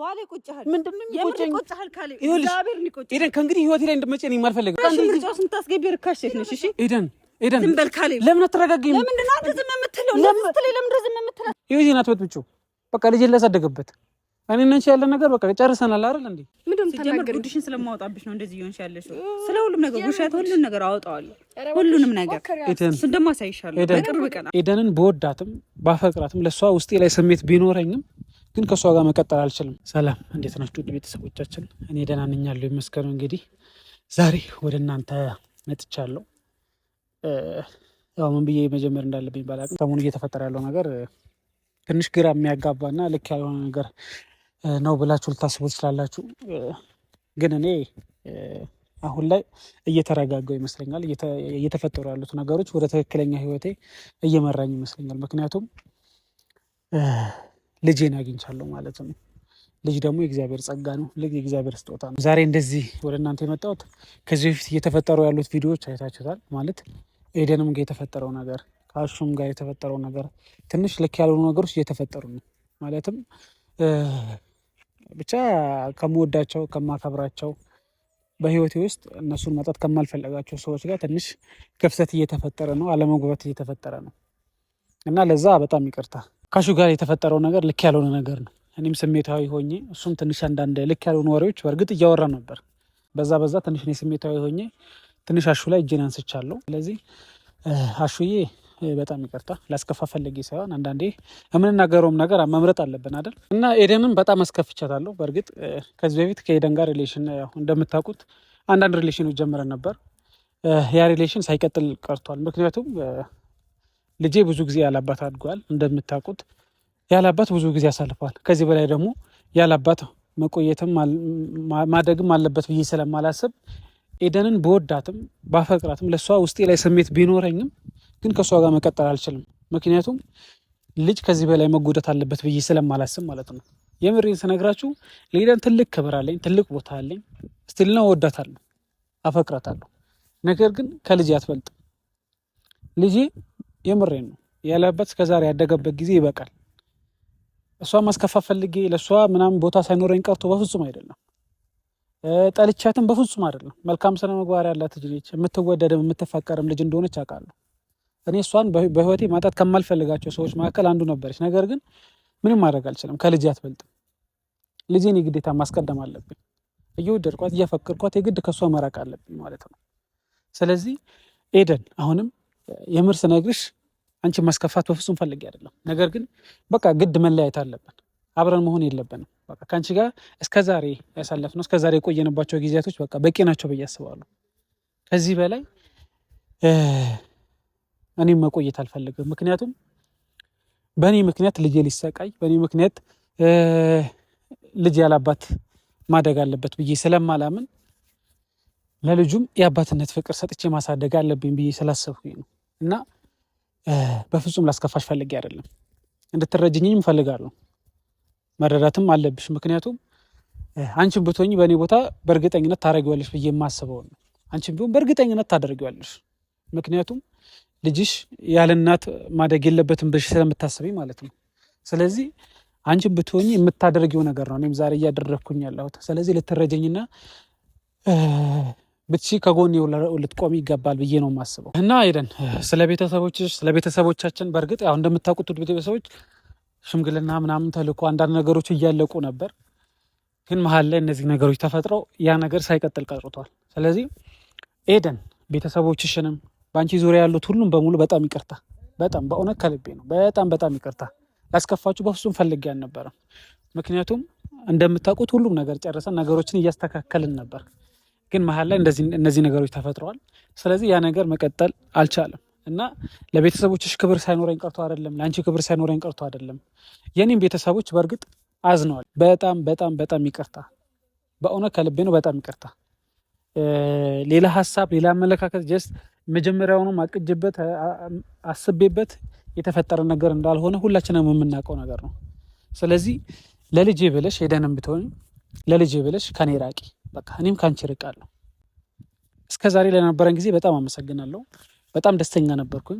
ባሌ ምንድነው ከእንግዲህ ህይወቴ ላይ እንድትመጪ እኔ ለምን በቃ ላሳደገበት እኔ ያለ ነገር በቃ ጨርሰናል አይደል እንዴ? ጉድሽን ስለማወጣብሽ ነው እንደዚህ ይሆንሽ ስለ ሁሉም ነገር ውሸት፣ ሁሉን ነገር አወጣዋለሁ። ሁሉንም ነገር በቅርብ ኤደንን በወዳትም ባፈቅራትም ለእሷ ውስጤ ላይ ስሜት ቢኖረኝም ግን ከእሷ ጋር መቀጠል አልችልም። ሰላም፣ እንዴት ናችሁ ውድ ቤተሰቦቻችን? እኔ ደህና ነኝ ያለው ይመስገነው። እንግዲህ ዛሬ ወደ እናንተ መጥቻለሁ። ያው ምን ብዬ መጀመር እንዳለብኝ ባላቅም ሰሞኑን እየተፈጠረ ያለው ነገር ትንሽ ግራ የሚያጋባና ልክ ያልሆነ ነገር ነው ብላችሁ ልታስቡ ትችላላችሁ። ግን እኔ አሁን ላይ እየተረጋጋው ይመስለኛል። እየተፈጠሩ ያሉት ነገሮች ወደ ትክክለኛ ህይወቴ እየመራኝ ይመስለኛል። ምክንያቱም ልጄን አግኝቻለሁ ማለት ነው። ልጅ ደግሞ የእግዚአብሔር ጸጋ ነው። ልጅ የእግዚአብሔር ስጦታ ነው። ዛሬ እንደዚህ ወደ እናንተ የመጣሁት ከዚህ በፊት እየተፈጠሩ ያሉት ቪዲዮዎች አይታችሁታል። ማለት ኤደንም ጋር የተፈጠረው ነገር፣ ከአሹም ጋር የተፈጠረው ነገር ትንሽ ልክ ያልሆኑ ነገሮች እየተፈጠሩ ነው። ማለትም ብቻ ከምወዳቸው ከማከብራቸው በህይወቴ ውስጥ እነሱን መጣት ከማልፈለጋቸው ሰዎች ጋር ትንሽ ክፍተት እየተፈጠረ ነው። አለመግባት እየተፈጠረ ነው እና ለዛ በጣም ይቅርታ ካሹ ጋር የተፈጠረው ነገር ልክ ያልሆነ ነገር ነው። እኔም ስሜታዊ ሆኜ እሱም ትንሽ አንዳንድ ልክ ያልሆኑ ወሬዎች በእርግጥ እያወራ ነበር። በዛ በዛ ትንሽ እኔ ስሜታዊ ሆኜ ትንሽ አሹ ላይ እጄን አንስቻለሁ። ስለዚህ አሹዬ በጣም ይቅርታ ላስከፋ ፈለጌ ሳይሆን አንዳንዴ የምንናገረውም ነገር መምረጥ አለብን አይደል? እና ኤደንን በጣም አስከፍቻታለሁ። በእርግጥ ከዚህ በፊት ከኤደን ጋር ሪሌሽን እንደምታውቁት አንዳንድ ሪሌሽኖች ጀምረን ነበር። ያ ሪሌሽን ሳይቀጥል ቀርቷል። ምክንያቱም ልጄ ብዙ ጊዜ ያላባት አድጓል። እንደምታውቁት ያላባት ብዙ ጊዜ አሳልፏል። ከዚህ በላይ ደግሞ ያላባት መቆየትም ማደግም አለበት ብዬ ስለማላስብ ኤደንን በወዳትም ባፈቅራትም ለእሷ ውስጤ ላይ ስሜት ቢኖረኝም ግን ከእሷ ጋር መቀጠል አልችልም። ምክንያቱም ልጅ ከዚህ በላይ መጎዳት አለበት ብዬ ስለማላስብ ማለት ነው። የምሬን ስነግራችሁ ለኤደን ትልቅ ክብር አለኝ፣ ትልቅ ቦታ አለኝ። ስቲልና ወዳታለሁ፣ አፈቅራታለሁ። ነገር ግን ከልጅ አትበልጥም ልጄ የምሬን ነው ያለበት እስከዛሬ ያደገበት ጊዜ ይበቃል። እሷ ማስከፋት ፈልጌ ለእሷ ምናምን ቦታ ሳይኖረኝ ቀርቶ በፍጹም አይደለም። ጠልቻትን በፍጹም አይደለም። መልካም ስነ ምግባር ያላት ልጅ ነች። የምትወደድም የምትፈቀርም ልጅ እንደሆነች አውቃለሁ። እኔ እሷን በህይወቴ ማጣት ከማልፈልጋቸው ሰዎች መካከል አንዱ ነበረች። ነገር ግን ምንም ማድረግ አልችልም። ከልጅ አትበልጥም። ልጄን የግዴታ ማስቀደም አለብኝ። እየወደድኳት እያፈቅርኳት የግድ ከእሷ መራቅ አለብኝ ማለት ነው። ስለዚህ ኤደን አሁንም የምር ስነግርሽ አንቺ ማስከፋት በፍጹም ፈልጌ አይደለም። ነገር ግን በቃ ግድ መለያየት አለብን። አብረን መሆን የለብንም። በቃ ከአንቺ ጋር ዛሬ ያሳለፍነው ዛሬ የቆየንባቸው ጊዜያቶች በቃ በቂ ናቸው ብዬ አስባለሁ። ከዚህ በላይ እኔም መቆየት አልፈልግም። ምክንያቱም በእኔ ምክንያት ልጄ ሊሰቃይ፣ በእኔ ምክንያት ልጅ ያላባት ማደግ አለበት ብዬ ስለማላምን ለልጁም የአባትነት ፍቅር ሰጥቼ ማሳደግ አለብኝ ብዬ ስላሰብኩኝ ነው። እና በፍጹም ላስከፋሽ ፈልጌ አይደለም፣ እንድትረጅኝም እፈልጋለሁ። መረዳትም አለብሽ። ምክንያቱም አንቺን ብትሆኝ በእኔ ቦታ በእርግጠኝነት ታደርጊዋለሽ ብዬ የማስበው ነው። አንቺን ቢሆን በእርግጠኝነት ታደርጊዋለሽ። ምክንያቱም ልጅሽ ያለ እናት ማደግ የለበትም ብሽ ስለምታስበኝ ማለት ነው። ስለዚህ አንቺን ብትሆኝ የምታደርጊው ነገር ነው እኔም ዛሬ እያደረግኩኝ ያለሁት። ስለዚህ ልትረጀኝና ብቺ ከጎን ልትቆሚ ይገባል ብዬ ነው የማስበው። እና ኤደን ስለ ቤተሰቦች ስለ ቤተሰቦቻችን በእርግጥ ያው እንደምታውቁት ቤተሰቦች ሽምግልና ምናምን ተልኮ አንዳንድ ነገሮች እያለቁ ነበር፣ ግን መሀል ላይ እነዚህ ነገሮች ተፈጥረው ያ ነገር ሳይቀጥል ቀርቷል። ስለዚህ ኤደን ቤተሰቦችሽንም በአንቺ ዙሪያ ያሉት ሁሉም በሙሉ በጣም ይቅርታ፣ በጣም በእውነት ከልቤ ነው። በጣም በጣም ይቅርታ ያስከፋችሁ በፍጹም ፈልጌ አልነበረም። ምክንያቱም እንደምታውቁት ሁሉም ነገር ጨርሰን ነገሮችን እያስተካከልን ነበር። ግን መሀል ላይ እነዚህ ነገሮች ተፈጥረዋል። ስለዚህ ያ ነገር መቀጠል አልቻለም እና ለቤተሰቦችሽ ክብር ሳይኖረኝ ቀርቶ አይደለም፣ ለአንቺ ክብር ሳይኖረኝ ቀርቶ አይደለም። የኔም ቤተሰቦች በእርግጥ አዝነዋል። በጣም በጣም በጣም ይቅርታ፣ በእውነት ከልቤ ነው። በጣም ይቅርታ። ሌላ ሀሳብ፣ ሌላ አመለካከት ጀስት መጀመሪያውኑ አቅጅበት አስቤበት የተፈጠረ ነገር እንዳልሆነ ሁላችንም የምናውቀው ነገር ነው። ስለዚህ ለልጄ ብለሽ ሄደንም ብትሆን ለልጄ ብለሽ ከኔ ራቂ። በቃ እኔም ከአንቺ ርቃለሁ። እስከ ዛሬ ለነበረን ጊዜ በጣም አመሰግናለሁ። በጣም ደስተኛ ነበርኩኝ።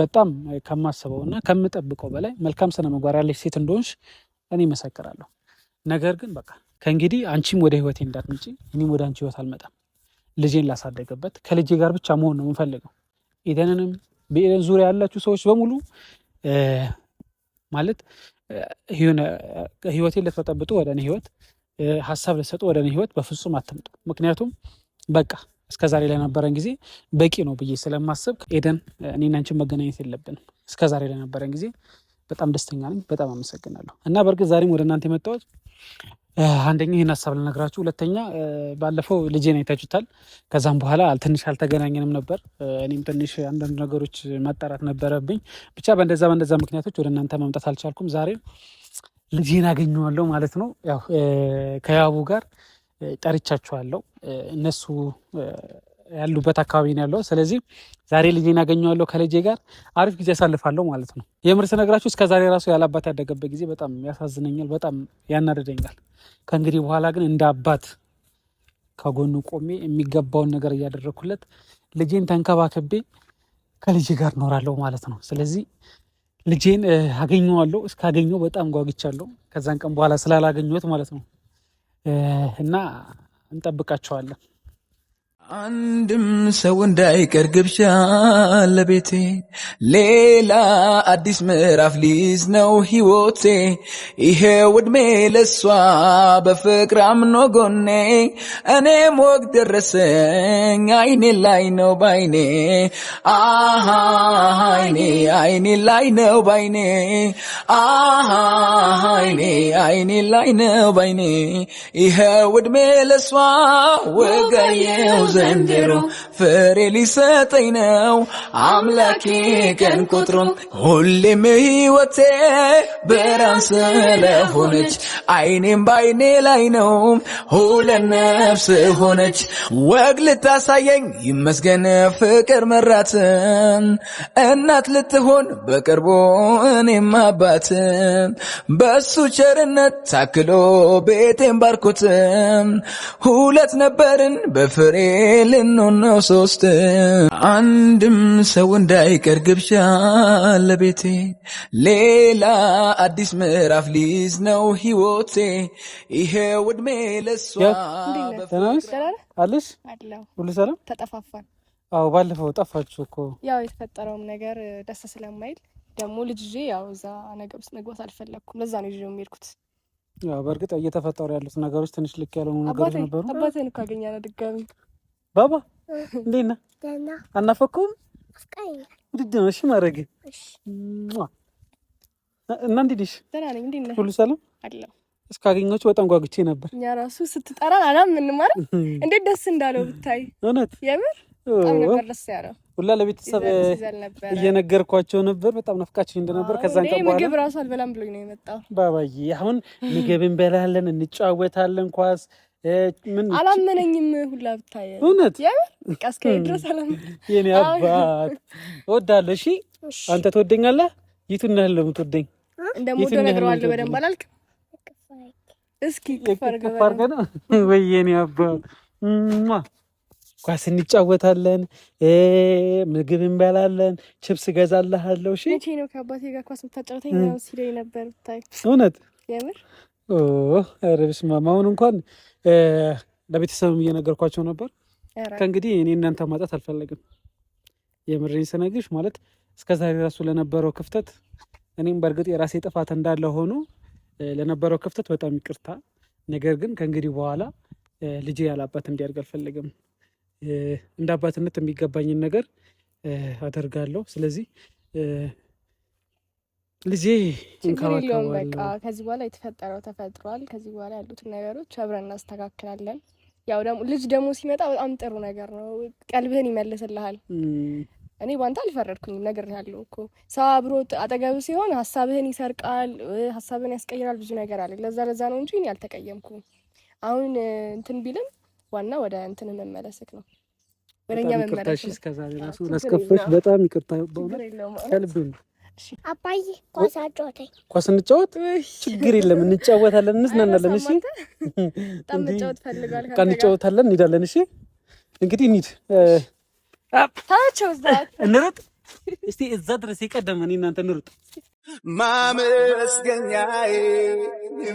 በጣም ከማስበው እና ከምጠብቀው በላይ መልካም ስነ መግባር ያለች ሴት እንደሆንሽ እኔ መሰክራለሁ። ነገር ግን በቃ ከእንግዲህ አንቺም ወደ ህይወቴ እንዳትመጪ፣ እኔም ወደ አንቺ ህይወት አልመጣም። ልጄን ላሳደገበት ከልጄ ጋር ብቻ መሆን ነው የምፈልገው። ኢደንንም በኢደን ዙሪያ ያላችሁ ሰዎች በሙሉ ማለት ህይወቴን ልትበጠብጡ ወደ እኔ ህይወት ሀሳብ ልትሰጡ ወደ እኔ ህይወት በፍጹም አትምጡ። ምክንያቱም በቃ እስከዛሬ ለነበረን ጊዜ በቂ ነው ብዬ ስለማስብ ኤደን፣ እኔና አንቺን መገናኘት የለብንም። እስከዛሬ ለነበረን ጊዜ በጣም ደስተኛ ነኝ። በጣም አመሰግናለሁ። እና በእርግጥ ዛሬም ወደ እናንተ የመጣሁት አንደኛ ይህን ሀሳብ ልነግራችሁ፣ ሁለተኛ ባለፈው ልጄን አይታችሁታል። ከዛም በኋላ ትንሽ አልተገናኘንም ነበር። እኔም ትንሽ አንዳንድ ነገሮች ማጣራት ነበረብኝ። ብቻ በእንደዛ በእንደዛ ምክንያቶች ወደ እናንተ መምጣት አልቻልኩም ዛሬ ጊዜን አገኘዋለሁ ማለት ነው። ያው ከያቡ ጋር ጠርቻቸዋለሁ። እነሱ ያሉበት አካባቢ ነው ያለው። ስለዚህ ዛሬ ልጄን አገኘዋለሁ ከልጄ ጋር አሪፍ ጊዜ አሳልፋለሁ ማለት ነው። የምር ስነግራችሁ እስከ ዛሬ ራሱ ያለ አባት ያደገበት ጊዜ በጣም ያሳዝነኛል፣ በጣም ያናደደኛል። ከእንግዲህ በኋላ ግን እንደ አባት ከጎኑ ቆሜ የሚገባውን ነገር እያደረግኩለት ልጄን ተንከባክቤ ከልጄ ጋር እኖራለሁ ማለት ነው። ስለዚህ ልጄን አገኘዋለሁ። እስካገኘው በጣም ጓግቻለሁ። ከዛን ቀን በኋላ ስላላገኘት ማለት ነው እና እንጠብቃቸዋለን። አንድም ሰው እንዳይቀር ግብዣ ለቤቴ ሌላ አዲስ ምዕራፍ ሊዝ ነው ሕይወቴ ይሄ ውድሜ ለሷ በፍቅር አምኖ ጎኔ እኔም ወግ ደረሰኝ አይኔ ላይ ነው ባይኔ አሃ አይኔ አይኔ ላይ ነው ባይኔ አሃ አይኔ አይኔ ላይ ነው ባይኔ ይሄ ውድሜ ለሷ ወጋየው ዘንድሮ ፍሬ ሊሰጠኝ ነው አምላኬ ቀን ቁጥሩን ሁሌም ሕይወቴ ብርሃን ስለሆነች አይኔም በአይኔ ላይ ነው ሁለት ነፍስ ሆነች ወግ ልታሳየኝ ይመስገን ፍቅር መራትን እናት ልትሆን በቅርቡ እኔም አባትን በሱ ቸርነት ታክሎ ቤቴን ባርኩትን ሁለት ነበርን በፍሬ ልንሆን ሶስት አንድም ሰው እንዳይቀር ግብዣ ለቤቴ ሌላ አዲስ ምዕራፍ ነው ህይወቴ ይሄ ውድሜ ለሷ አለሽ ሁሉ ሰላም አዎ ባለፈው ጠፋችሁ እኮ ያው የተፈጠረውም ነገር ደስ ስለማይል ደግሞ ልጅ ይዤ ያው እዛ ነገር ውስጥ መግባት አልፈለግኩም። ለዛ ነው ይዤው የሚሄድኩት። ያው በእርግጥ እየተፈጠሩ ያሉት ነገሮች ትንሽ ልክ ያልሆኑ ነገሮች ነበሩ። አባቴን እኮ አገኛለሁ ድጋሚ ባባ እንዴት ነህ? አናፈኩም ውድድ ነው። እሺ ማድረግ እና እንዴት ነሽ? ሁሉ ሰላም እስካገኘች በጣም ጓጉቼ ነበር። እኛ ራሱ ስትጠራ አላምንም ማለት እንዴት ደስ እንዳለው ብታይ። እውነት የምር በጣም ነበር ደስ ሁላ ለቤተሰብ እየነገርኳቸው ነበር። በጣም ናፍቃችሁ እንደነበር ከዛን ቀን በኋላ ምግብ ራሱ አልበላም ብሎኝ ነው የመጣው ባባዬ። አሁን ምግብ እንበላለን፣ እንጫወታለን ኳስ አላመነኝም ሁላ ብታየ እውነት እስከ ድረስ የኔ አባት እወዳለሁ። እሺ አንተ ትወደኛለህ? የቱን ያህል ለምትወደኝ? የምትወደኝ? እንደምወደው እነግረዋለሁ። በደንብ አላልክም? እስኪ ቅፍ አድርገህ ነው ወይ የኔ አባት ኳስ እንጫወታለን፣ ምግብ እንበላለን፣ ችፕስ እገዛልሃለሁ። እሺ መቼ ነው ከአባቴ ጋር ኳስ የምታጫወተኝ? ሲለኝ ነበር ብታይ እውነት ኧረ በስመ አብ አሁን እንኳን ለቤተሰብም እየነገርኳቸው ነበር። ከእንግዲህ እኔ እናንተ ማጣት አልፈለግም። የምሬን ስነግርሽ ማለት እስከዛሬ ራሱ ለነበረው ክፍተት እኔም በእርግጥ የራሴ ጥፋት እንዳለ ሆኖ ለነበረው ክፍተት በጣም ይቅርታ። ነገር ግን ከእንግዲህ በኋላ ልጄ ያላባት እንዲያድግ አልፈለግም። እንደ አባትነት የሚገባኝን ነገር አደርጋለሁ። ስለዚህ ልጄ እንከባከባለሁ። በቃ ከዚህ በኋላ የተፈጠረው ተፈጥሯል። ከዚህ በኋላ ያሉትን ነገሮች አብረን እናስተካክላለን። ያው ደግሞ ልጅ ደግሞ ሲመጣ በጣም ጥሩ ነገር ነው። ቀልብህን ይመልስልሃል። እኔ ባንተ አልፈረድኩኝም። ነገር ያለው እኮ ሰው አብሮ አጠገብ ሲሆን ሀሳብህን ይሰርቃል፣ ሀሳብህን ያስቀይራል። ብዙ ነገር አለ። ለዛ ለዛ ነው እንጂ እኔ አልተቀየምኩም። አሁን እንትን ቢልም ዋና ወደ እንትን መመለስክ ነው ወደኛ መመለስ። እስከዛሬ ራሱ ላስከፈሽ በጣም ይቅርታ፣ በእውነት አባዬ ኳስ አጫወተኝ። ኳስ እንጫወት፣ ችግር የለም እንጫወታለን፣ እንዝናናለን። እሺ እንጫወታለን፣ እንሄዳለን። እሺ እንግዲህ እንሂድ፣ እንሩጥ እስቲ እዛ ድረስ የቀደመ እናንተ ንሩጥ። ማመስገኛዬ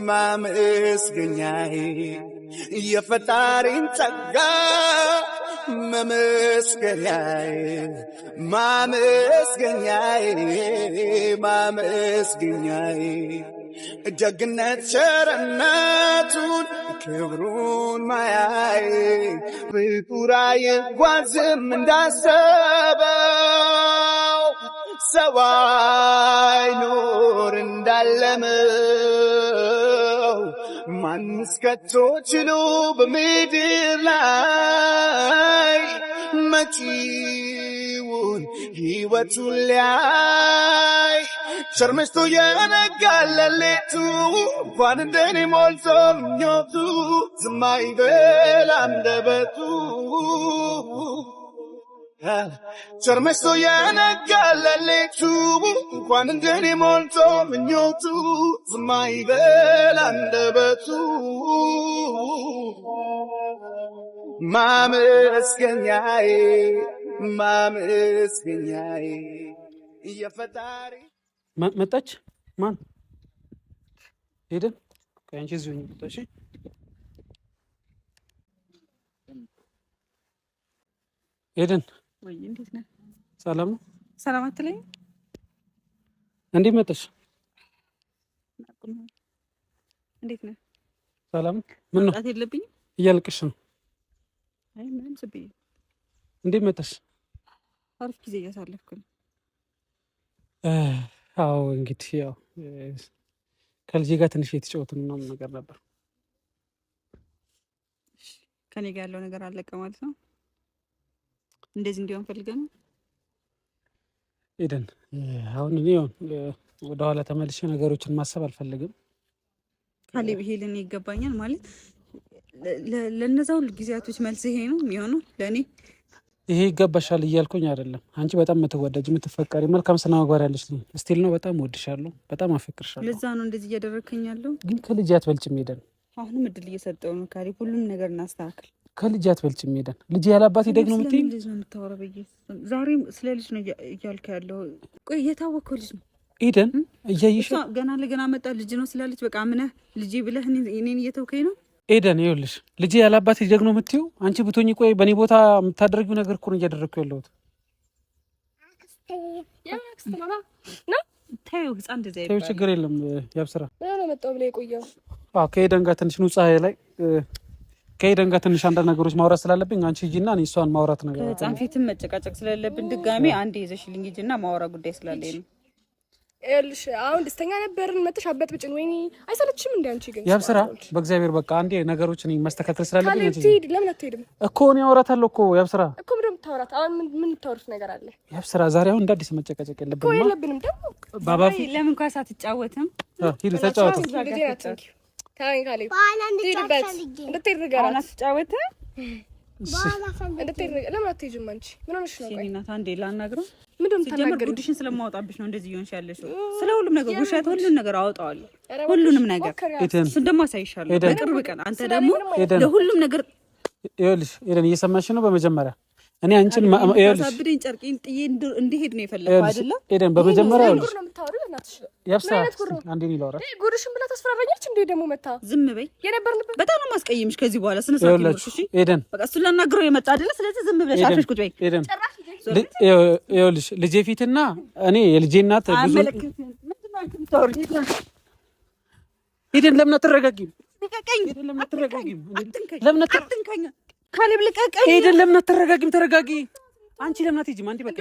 ማመስገኛዬ የፈጣሪን ጸጋ ማመስገኛዬ ማመስገኛዬ ደግነት ቸርነቱን ክብሩን ማያይ ፍጡር አይጓዝም እንዳሰበው ሰው አይኖር እንዳለመው ማንስ ከቶ ችሎ በምድር ላይ መቺ ሆን ህይወቱ ላይ ሸርምስቶ የነጋለሌቱ ሌቱ እንኳን እንደኔ ሞልቶ ምኞቱ ዝማይ አይበል አንደበቱ ሸርምስቶ እንኳን እንደኔ ሞልቶ ምኞቱ ዝማይ አይበል ማመስገኛዬ ማመስገኛዬ የፈጣሪ መጣች። ማን እዚሁ ሰላም ነው። ሰላም አትለኝ። እንዴት መጣሽ? እንዴት ነህ? ሰላም ምን ነው? የለብኝም እያልቅሽ ነው። አይ ምንም እንዴት መጣሽ? አሪፍ ጊዜ እያሳለፍክ ነው? አዎ እንግዲህ ያው ከልጄ ጋር ትንሽ የተጫወትን ምናምን ነገር ነበር። ከኔ ጋር ያለው ነገር አለቀ ማለት ነው። እንደዚህ እንዲሆን ፈልገን ነው ኤደን? አሁን እኔ ወደኋላ ተመልሼ ነገሮችን ማሰብ አልፈልግም። ካሌብ ይሄ ለእኔ ይገባኛል ማለት ለእነዛ ሁሉ ጊዜያቶች መልስ ይሄ ነው የሚሆነው ለእኔ ይሄ ይገባሻል እያልኩኝ አይደለም። አንቺ በጣም የምትወደጅ የምትፈቀሪ መልካም ስነ መግባር ያለች ነው ስቲል ነው። በጣም ወድሻለሁ፣ በጣም አፈቅርሻለሁ። ለዛ ነው እንደዚህ እያደረግከኝ ግን ከልጅ አትበልጭም። ሄደን አሁንም እድል እየሰጠው ነው። ካሌብ ሁሉም ነገር እናስተካክል። ከልጅ አትበልጭም። ሄደን ልጅ ያላባት ይደግ ነው የምትይኝ። ልጅ ዛሬም ስለ ልጅ ነው እያልከ ያለው። ቆይ የታወቀው ልጅ ነው ሄደን እያየሽ ገና ለገና መጣ ልጅ ነው ስላለች በቃ ምነህ ልጅ ብለህ እኔን እየተውከኝ ነው ኤደን ይኸውልሽ ልጅ ያላባት አባቴ ጀግኖ የምትይው አንቺ ብቶኝ ቆይ በእኔ ቦታ የምታደርጊው ነገር እኮ ነው እያደረግኩ ያለሁት። ተይው ችግር የለም ያብስራ ከኤደን ጋር ትንሽ ንጹ ላይ ከኤደን ጋር ትንሽ አንዳንድ ነገሮች ማውራት ስላለብኝ አንቺ ሂጂና እኔ እሷን ማውራት ነገር ከህፃን ፊትም መጨቃጨቅ ስለሌለብን ድጋሜ አንድ ይዘሽልኝ ሂጂና ማውራ ጉዳይ ስላለኝ ነው ይኸውልሽ አሁን ደስተኛ ነበርን። መተሽ አበት ብጭን ወይኔ አይሰለችም? እንደ አንቺ ግን ያብ ስራ በእግዚአብሔር በቃ አንዴ ነገሮች መስተካከል ስላለብኝ ለምን አትሄድም እኮ እኔ አወራታለሁ እኮ ያብ ስራ እኮ ምንም ታወራት። አሁን ምን ታወሩት ነገር አለ ያብ ስራ። ዛሬ አሁን እንደ አዲስ መጨቃጨቅ የለብንም እኮ የለብንም። ደግሞ ባባፊ ለምን ኳስ አትጫወትም? ሂዱ ተጫወቱ። ታንካሌ እንድትሄድ ነገር አትጫወትም ለምን አትሄጂም አንቺ? ምን ሆነሽ ነው? ቆይ ጉድሽን ስለማወጣብሽ ነው እንደዚህ እየሆንሽ ያለሽው? ስለ ሁሉም ነገር ውሸት፣ ሁሉን ነገር አወጣዋለሁ። ሁሉንም ነገር እሱን ደግሞ አሳይሻለሁ በቅርብ ቀን። አንተ ደግሞ ለሁሉም ነገር ይኸውልሽ፣ ኤደን እየሰማሽ ነው በመጀመሪያ እኔ አንቺን ማሳብደኝ ጨርቄን ጥዬ እንድሄድ ነው የፈለገው አይደለ? ኤደን በመጀመሪያ ይኸውልሽ፣ ጉድሽን ብላ ታስፈራራኛለች። እንደ ደግሞ መታ ዝም በይ። የነበርንበት በጣም ነው የማስቀየምሽ። ከዚህ በኋላ ስነ ስርዓት ይኸውልሽ፣ ኤደን በቃ እሱን ላናግረው የመጣ አይደለ? ስለዚህ ዝም ብለሽ አፍሽ ቁጭ በይ። ኤደን ይኸውልሽ፣ ልጄ ፊትና እኔ የልጄ እናት ብዙ ኤደን ለምን አትረጋጊም? ለምን አትረጋጊም? ለምን አትረጋጊም? ካሌብ ልቀቀኝ። ሄደን ለምን አትረጋጊም? ተረጋጊ። አንቺ ለምን አትሄጂም? አንዴ በቃ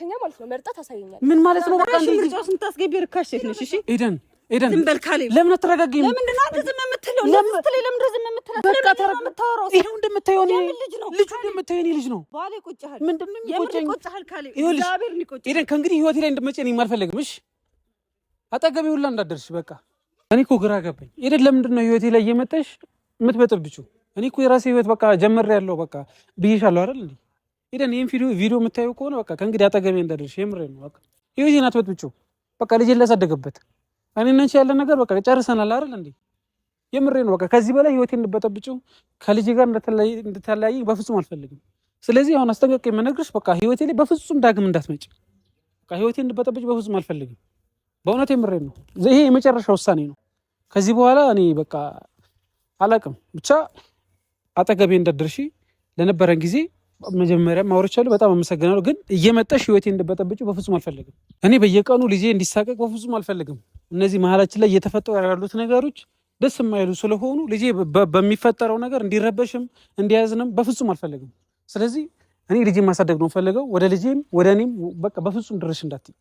ከኛ ማለት ነው መርጣት ታሳየኛል። ምን ማለት ነው? በቃ እንዴ ምርጫው ስምታስገቢ ርካሽ ሴት ነሽ። እሺ ሄደን ሄደን ዝም በል ካሌብ። ለምን አትረጋጊም? ለምንድን ነው አንተ ዝም የምትለው? ለምን ትለይ? ለምን ዝም የምትለው? በቃ ተረጋ ይሄው እንደምታየው ነው። ልጅ ነው ልጁ እንደምታየው ነው። ልጅ ነው ባሌ የሚቆጨኝ? ካሌብ። ይኸውልሽ ከእንግዲህ ህይወቴ ላይ እኔም አልፈለግም። እሺ አጠገቤ ሁላ እንዳደርሽ በቃ እኔ እኮ ግራ ገባኝ። ሄደን ለምንድን ነው ህይወቴ ላይ እየመጣሽ የምትበጠብጪው? እኔ እኮ የራሴ ህይወት በቃ ያለው በቃ ብዬሻለሁ አይደል እንዴ? ሄደን ይህን ቪዲዮ ቪዲዮ የምታዩ ከሆነ በቃ ከእንግዲህ አጠገቤ እንዳደርሽ የምሬ ነው። በቃ ይህ ናት በትብጩ በቃ ልጄን ላሳደገበት እኔ ነች ያለን ነገር በቃ ጨርሰናል አይደል እንዴ? የምሬ ነው። በቃ ከዚህ በላይ ህይወቴ እንድበጠብጭው ከልጅ ጋር እንድትለያየኝ በፍጹም አልፈልግም። ስለዚህ አሁን አስጠንቀቅ የምነግርሽ በቃ ህይወቴ ላይ በፍጹም ዳግም እንዳትመጭ። በቃ ህይወቴ እንድበጠብጭ በፍጹም አልፈልግም። በእውነት የምሬ ነው። ይሄ የመጨረሻ ውሳኔ ነው። ከዚህ በኋላ እኔ በቃ አላቅም ብቻ አጠገቤ እንዳትደርሺ ለነበረን ጊዜ መጀመሪያ ማውረቻሉ በጣም አመሰግናለሁ። ግን እየመጣሽ ህይወቴ እንድበጠብጭ በፍጹም አልፈልግም። እኔ በየቀኑ ልጄ እንዲሳቀቅ በፍጹም አልፈልግም። እነዚህ መሀላችን ላይ እየተፈጠሩ ያሉት ነገሮች ደስ የማይሉ ስለሆኑ ልጄ በሚፈጠረው ነገር እንዲረበሽም እንዲያዝንም በፍጹም አልፈልግም። ስለዚህ እኔ ልጄ ማሳደግ ነው ፈልገው ወደ ልጄም ወደ እኔም በቃ በፍጹም ድርሽ እንዳትይ